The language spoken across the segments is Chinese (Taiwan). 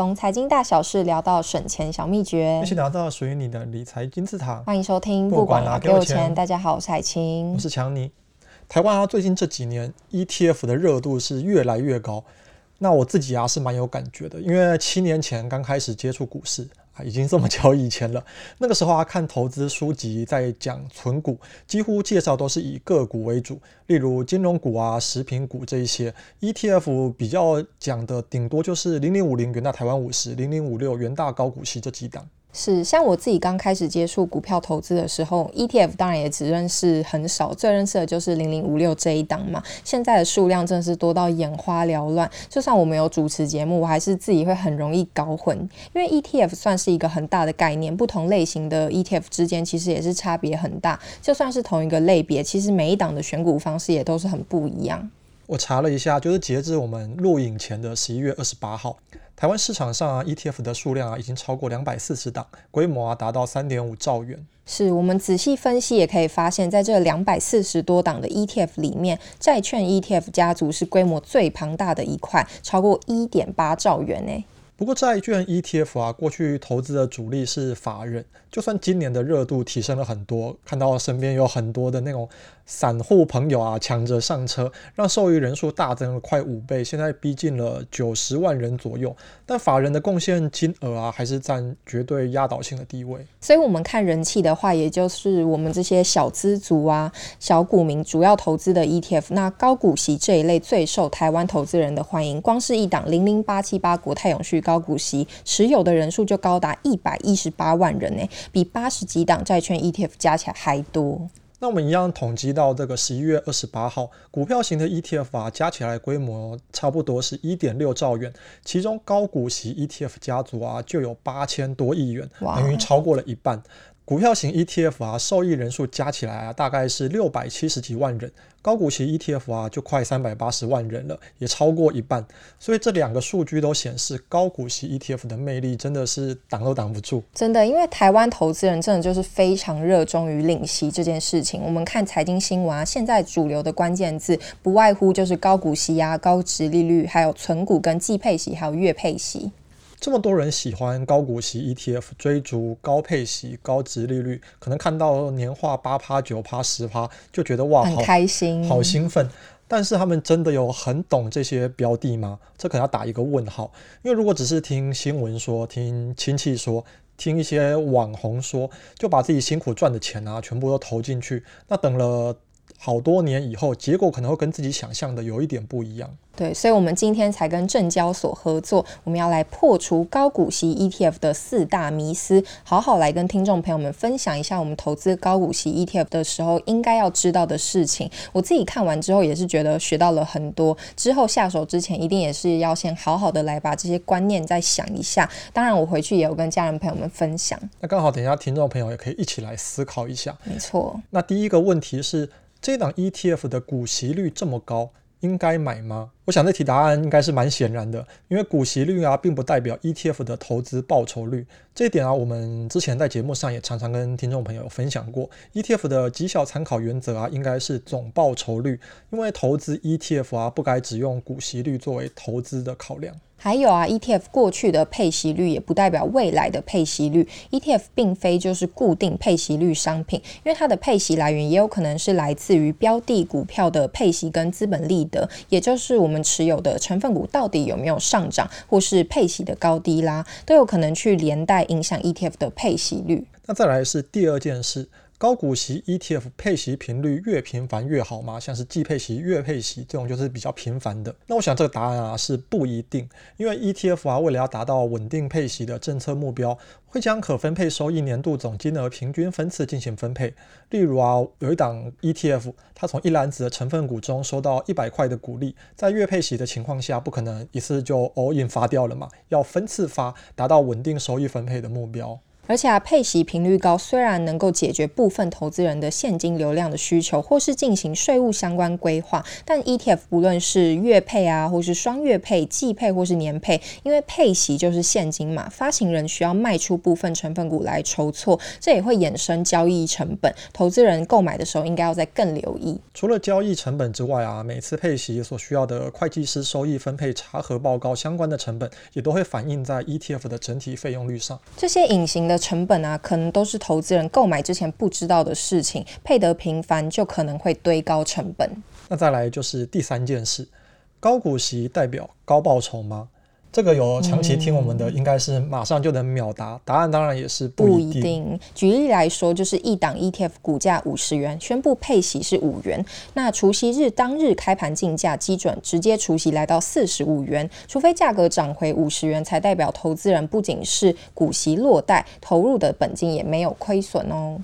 從財經大小事聊到省錢小祕訣，一起聊到屬於你的理財金字塔。歡迎收聽，雲端最有錢！給錢，大家好，我是海晴，我是強尼。台灣啊，最近這幾年 ETF 的熱度是越來越高。那我自己啊，是蠻有感覺的，因為七年前剛開始接觸股市。啊，已經這麼久以前了。那個時候啊，看投資書籍在講存股，幾乎介紹都是以個股為主，例如金融股啊、食品股這一些。ETF 比較講的，頂多就是零零五零元大台灣五十、零零五六元大高股息這幾檔。是，像我自己剛開始接觸股票投資的時候，ETF 當然也只認識很少，最認識的就是零零五六這一檔嘛。現在的數量真的是多到眼花繚亂，就算我沒有主持節目，我還是自己會很容易搞混，因為 ETF 算是一個很大的概念，不同類型的 ETF 之間其實也是差別很大。就算是同一個類別，其實每一檔的選股方式也都是很不一樣。我查了一下，就是截至我們錄影前的十一月二十八號，台灣市場上、啊、ETF 的數量啊已經超過兩百四十檔，規模啊達到三點五兆元。是我們仔細分析也可以發現，在這兩百四十多檔的 ETF 裡面，債券 ETF 家族是規模最龐大的一塊，超過一點八兆元呢、欸。不過債券 ETF 啊，過去投資的主力是法人，就算今年的熱度提升了很多，看到身邊有很多的那種散戶朋友啊，搶着上車，讓受益人數大增了快五倍，現在逼近了九十萬人左右。但法人的貢獻金額啊，還是佔絕對壓倒性的地位。所以，我們看人氣的話，也就是我們這些小資族啊、小股民主要投資的 ETF，那高股息這一類最受台灣投資人的歡迎。光是一檔零零八七八國泰永續高。高股息持有的人數就高達一百一十八萬人呢。欸，比八十幾檔債券 ETF 加起來還多。那我們一樣統計到這個十一月二十八號，股票型的 ETF 啊，加起來規模差不多是一點六兆元，其中高股息 ETF 家族啊，就有八千多億元，等於超過了一半。Wow 股票型 ETF 啊，受益人數加起來啊，大概是六百七十幾萬人；高股息 ETF 啊，就快三百八十萬人了，也超過一半。所以這兩個數據都顯示，高股息 ETF 的魅力真的是擋都擋不住。真的，因為台灣投資人真的就是非常熱衷於領息這件事情。我們看財經新聞啊，現在主流的關鍵字不外乎就是高股息啊、高殖利率，還有存股跟季配息，還有月配息。這麼多人喜歡高股息 ETF，追逐高配息、高殖利率，可能看到年化八趴、九趴、十趴，就覺得哇，好很開心，好興奮。但是他們真的有很懂這些標的嗎？這可能要打一個問號。因為如果只是聽新聞說、聽親戚說、聽一些網紅說，就把自己辛苦賺的錢啊，全部都投進去，那等了。好多年以後，結果可能會跟自己想象的有一點不一樣。對，所以，我們今天才跟證交所合作，我們要來破除高股息 ETF 的四大迷思，好好來跟聽眾朋友們分享一下，我們投資高股息 ETF 的時候應該要知道的事情。我自己看完之後也是覺得學到了很多，之後下手之前一定也是要先好好的來把這些觀念再想一下。當然，我回去也有跟家人朋友們分享。那剛好，等一下聽眾朋友也可以一起來思考一下。沒錯。那第一個問題是。這檔 ETF 的股息率這麼高，應該買嗎？我想這題答案應該是蠻顯然的，因為股息率啊，並不代表 ETF 的投資報酬率。這一點啊，我們之前在節目上也常常跟聽眾朋友分享過。ETF 的績效參考原則啊，應該是總報酬率，因為投資 ETF 啊，不該只用股息率作為投資的考量。還有啊，ETF 過去的配息率也不代表未來的配息率，ETF 並非就是固定配息率商品，因為它的配息來源也有可能是來自於標的股票的配息跟資本利得，也就是我們。持有的成分股到底有沒有上漲，或是配息的高低啦，都有可能去連帶影響 ETF 的配息率。那再來是第二件事。高股息 ETF 配息頻率越頻繁越好嗎？像是季配息、月配息這種就是比較頻繁的。那我想這個答案啊是不一定，因為 ETF 啊為了要達到穩定配息的政策目標，會將可分配收益年度總金額平均分次進行分配。例如啊有一檔 ETF，它從一籃子的成分股中收到一百塊的股利，在月配息的情況下不可能一次就 all in 發掉了嘛，要分次發，達到穩定收益分配的目標。而且啊，配息頻率高，雖然能夠解決部分投資人的現金流量的需求，或是進行稅務相關規劃，但 ETF 不論是月配啊，或是雙月配、季配或是年配，因為配息就是現金嘛，發行人需要賣出部分成分股來籌措，這也會衍生交易成本，投資人購買的時候應該要再更留意。除了交易成本之外啊，每次配息所需要的會計師收益分配查核報告相關的成本，也都會反映在 ETF 的整體費用率上。這些隱形的成本啊，可能都是投資人購買之前不知道的事情，配得頻繁就可能會堆高成本。那再來就是第三件事，高股息代表高報酬嗎？這個有長期聽我們的，嗯、應該是馬上就能秒答。答案當然也是不一定。不一定舉例來說，就是一檔 ETF 股價五十元，宣布配息是五元，那除息日當日開盤競價基準直接除息來到四十五元，除非價格漲回五十元，才代表投資人不僅是股息落袋，投入的本金也沒有虧損哦。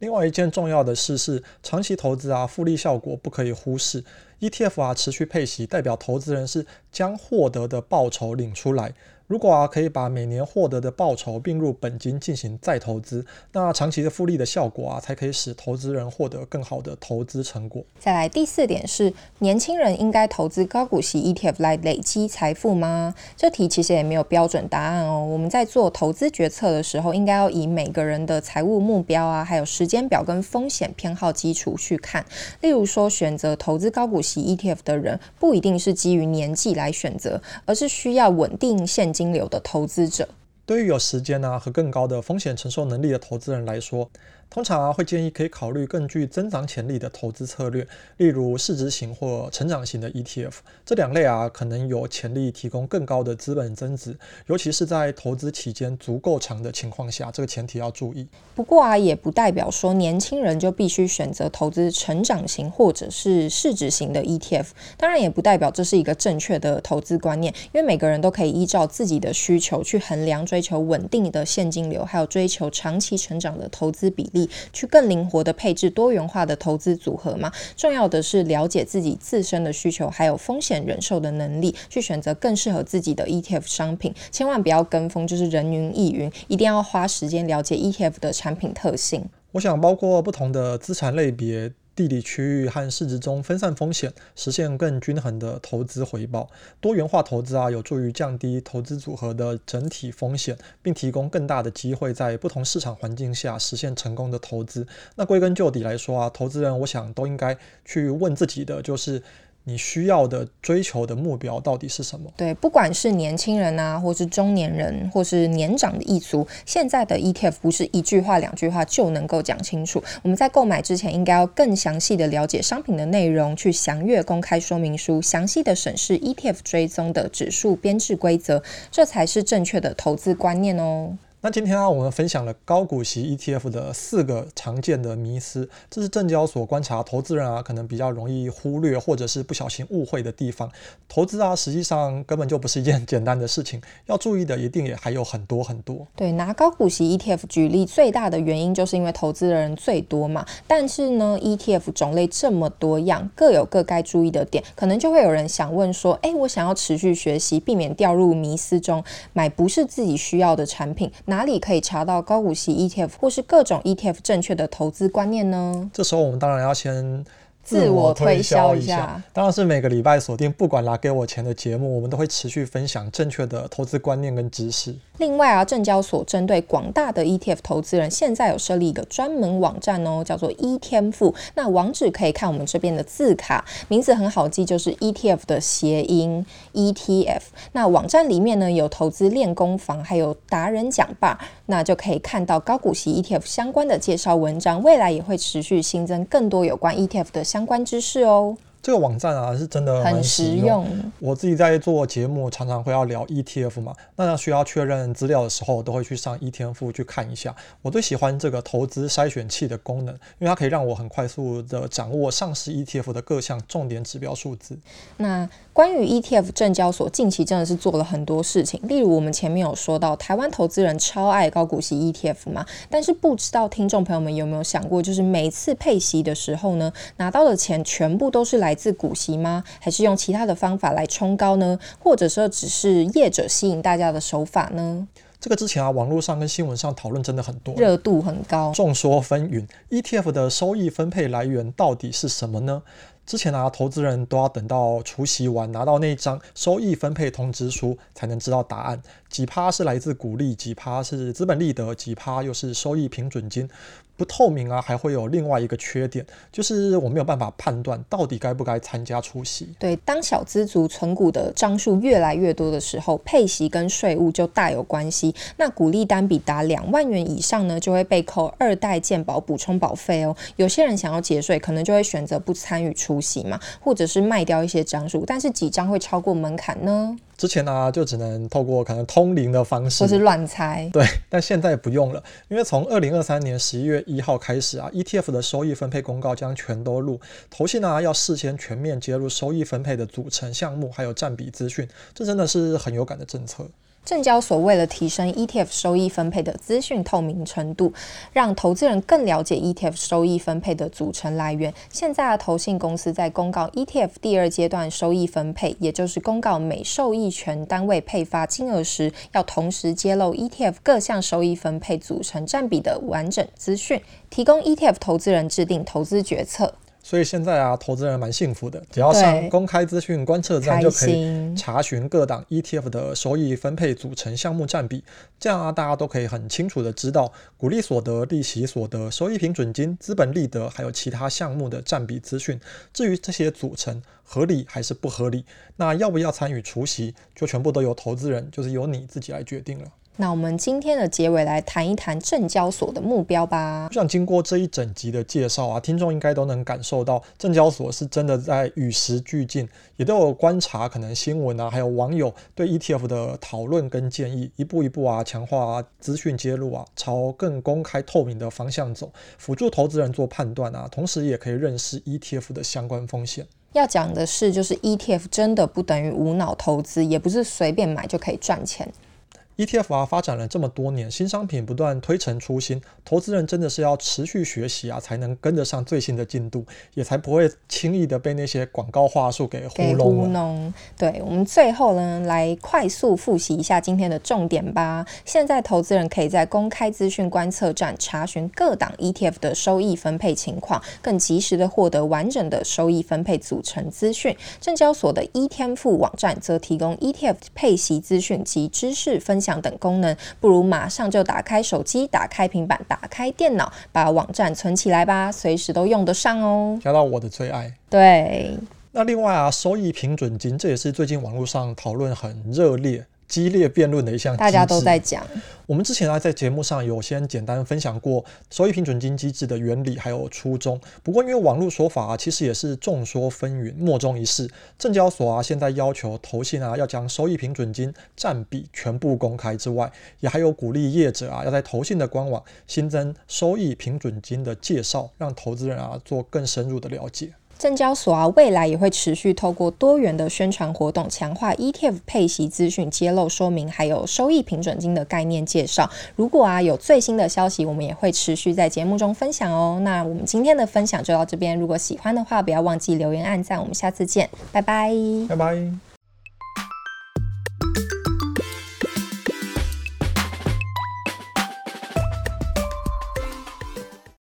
另外一件重要的事是，長期投資啊，複利效果不可以忽視。ETF 啊，持續配息代表投資人是將獲得的報酬領出來。如果啊，可以把每年獲得的報酬併入本金進行再投資，那長期的複利的效果啊，才可以使投資人獲得更好的投資成果。再來第四點是，年輕人應該投資高股息 ETF 來累積財富嗎？這題其實也沒有標準答案哦。我們在做投資決策的時候，應該要以每個人的財務目標啊，還有時間表跟風險偏好基礎去看。例如說，選擇投資高股息 ETF 的人，不一定是基於年紀來選擇，而是需要穩定現金流的投資者，對於有時間呢、啊、和更高的風險承受能力的投資人來說，通常啊會建議可以考慮更具增長潛力的投資策略，例如市值型或成長型的 ETF。這兩類啊可能有潛力提供更高的資本增值，尤其是在投資期間足夠長的情況下。這個前提要注意。不過啊也不代表說年輕人就必須選擇投資成長型或者是市值型的 ETF。當然也不代表這是一個正確的投資觀念，因為每個人都可以依照自己的需求去衡量，追求穩定的現金流，還有追求長期成長的投資比例。去更靈活的配置多元化的投資組合嘛，重要的是了解自己自身的需求，還有風險忍受的能力，去選擇更適合自己的 ETF 商品，千萬不要跟風，就是人云亦云，一定要花時間了解 ETF 的產品特性。我想包括不同的資產類別。地理區域和市值中分散風險，實現更均衡的投資回報。多元化投資啊，有助於降低投資組合的整體風險，並提供更大的機會，在不同市場環境下實現成功的投資。那歸根究底來說啊，投資人我想都應該去問自己的就是，你需要的追求的目標到底是什麼？對，不管是年輕人啊，或是中年人，或是年長的一族，現在的 ETF 不是一句話兩句話就能夠講清楚。我們在購買之前，應該要更詳細的了解商品的內容，去詳閱公開說明書，詳細的審視 ETF 追蹤的指數編製規則，這才是正確的投資觀念哦。那今天啊，我們分享了高股息 ETF 的四個常見的迷思，這是證交所觀察投資人啊，可能比較容易忽略或者是不小心誤會的地方。投資啊，實際上根本就不是一件簡單的事情，要注意的一定也還有很多很多。對，拿高股息 ETF 舉例，最大的原因就是因為投資的人最多嘛。但是呢，ETF 種類這麼多樣，各有各該注意的點，可能就會有人想問說，哎，我想要持續學習，避免掉入迷思中，買不是自己需要的產品哪裡可以查到高股息 ETF 或是各種 ETF 正確的投資觀念呢？這時候我們當然要先自我推銷一下，一下當然是每個禮拜鎖定雲端最有錢的節目，我們都會持續分享正確的投資觀念跟知識。另外啊，證交所針對廣大的 ETF 投資人，現在有設立一個專門網站哦，叫做“一天富”。那網址可以看我們這邊的字卡，名字很好記，就是 ETF 的諧音 ETF。那網站裡面呢，有投資練功房，還有達人講吧，那就可以看到高股息 ETF 相關的介紹文章。未來也會持續新增更多有關 ETF 的相關知識哦。這個網站啊，是真的蠻實用的。很實用。我自己在做節目，常常會要聊 ETF 嘛，那需要確認資料的時候，我都會去上 ETF 去看一下。我最喜歡這個投資篩選器的功能，因為它可以讓我很快速地掌握上市 ETF 的各項重點指標數字。那關於 ETF，證交所近期真的是做了很多事情，例如我們前面有說到，台灣投資人超愛高股息 ETF 嘛，但是不知道聽眾朋友們有沒有想過，就是每次配息的時候呢，拿到的錢全部都是來自股息嗎？還是用其他的方法來衝高呢？或者說，只是業者吸引大家的手法呢？這個之前啊，網絡上跟新聞上討論真的很多，熱度很高，眾說紛紜。ETF 的收益分配來源到底是什麼呢？之前啊，投資人都要等到除息完，拿到那一張收益分配通知書，才能知道答案。幾趴是來自股利，幾趴是資本利得，幾趴又是收益平準金。不透明啊，還會有另外一個缺點，就是我沒有辦法判斷到底該不該參加出席。對，當小資族存股的張數越來越多的時候，配息跟稅務就大有關係。那股利單筆達兩萬元以上呢，就會被扣二代健保補充保費哦。有些人想要節稅，可能就會選擇不參與出席嘛，或者是賣掉一些張數，但是幾張會超過門檻呢？之前呢、啊，就只能透過可能通靈的方式，或是亂猜，對。但現在不用了，因為從二零二三年十一月一號開始啊，ETF 的收益分配公告將全都錄。投信呢、啊，要事先全面揭露收益分配的組成項目還有佔比資訊，這真的是很有感的政策。證交所為了提升 ETF 收益分配的資訊透明程度，讓投資人更了解 ETF 收益分配的組成來源，現在的投信公司在公告 ETF 第二階段收益分配，也就是公告每受益權單位配發金額時，要同時揭露 ETF 各項收益分配組成佔比的完整資訊，提供 ETF 投資人制定投資決策。所以現在啊，投資人蠻幸福的，只要上公開資訊觀測站就可以查詢各檔 ETF 的收益分配組成項目占比，這樣啊，大家都可以很清楚的知道股利所得、利息所得、收益平準金、資本利得還有其他項目的占比資訊。至於這些組成合理還是不合理，那要不要參與除息，就全部都由投資人，就是由你自己來決定了。那我們今天的結尾來談一談證交所的目標吧。就像經過這一整集的介紹啊，聽眾應該都能感受到證交所是真的在與時俱進，也都有觀察可能新聞啊，還有網友對 ETF 的討論跟建議，一步一步啊強化啊資訊揭露啊，朝更公開透明的方向走，輔助投資人做判斷啊，同時也可以認識 ETF 的相關風險。要講的是，就是 ETF 真的不等於無腦投資，也不是隨便買就可以賺錢。ETF 啊，發展了這麼多年，新商品不斷推陳出新，投資人真的是要持續學習啊，才能跟得上最新的進度，也才不會輕易的被那些廣告話術給糊弄了，給糊弄。對，我們最後呢，來快速複習一下今天的重點吧。現在投資人可以在公開資訊觀測站查詢各檔 ETF 的收益分配情況，更及時的獲得完整的收益分配組成資訊。證交所的 ETF 網站則提供 ETF 配息資訊及知識分析等功能，不如馬上就打開手機、打開平板、打開電腦，把網站存起來吧，隨時都用得上哦。加到我的最愛，對，那另外啊，收益平準金，這也是最近網絡上討論很熱烈、激烈辯論的一項，大家都在講。我們之前啊，在節目上有先簡單分享過收益平準金機制的原理還有初衷。不過，因為網絡說法啊，其實也是眾說紛紜，莫衷一是。證交所啊，現在要求投信啊，要將收益平準金占比全部公開之外，也還有鼓勵業者啊，要在投信的官網新增收益平準金的介紹，讓投資人啊做更深入的了解。證交所啊，未來也會持續透過多元的宣傳活動，強化 ETF 配息資訊揭露說明，還有收益平準金的概念介紹。如果啊有最新的消息，我們也會持續在節目中分享哦。那我們今天的分享就到這邊，如果喜歡的話，不要忘記留言、按讚。我們下次見，拜拜，拜拜。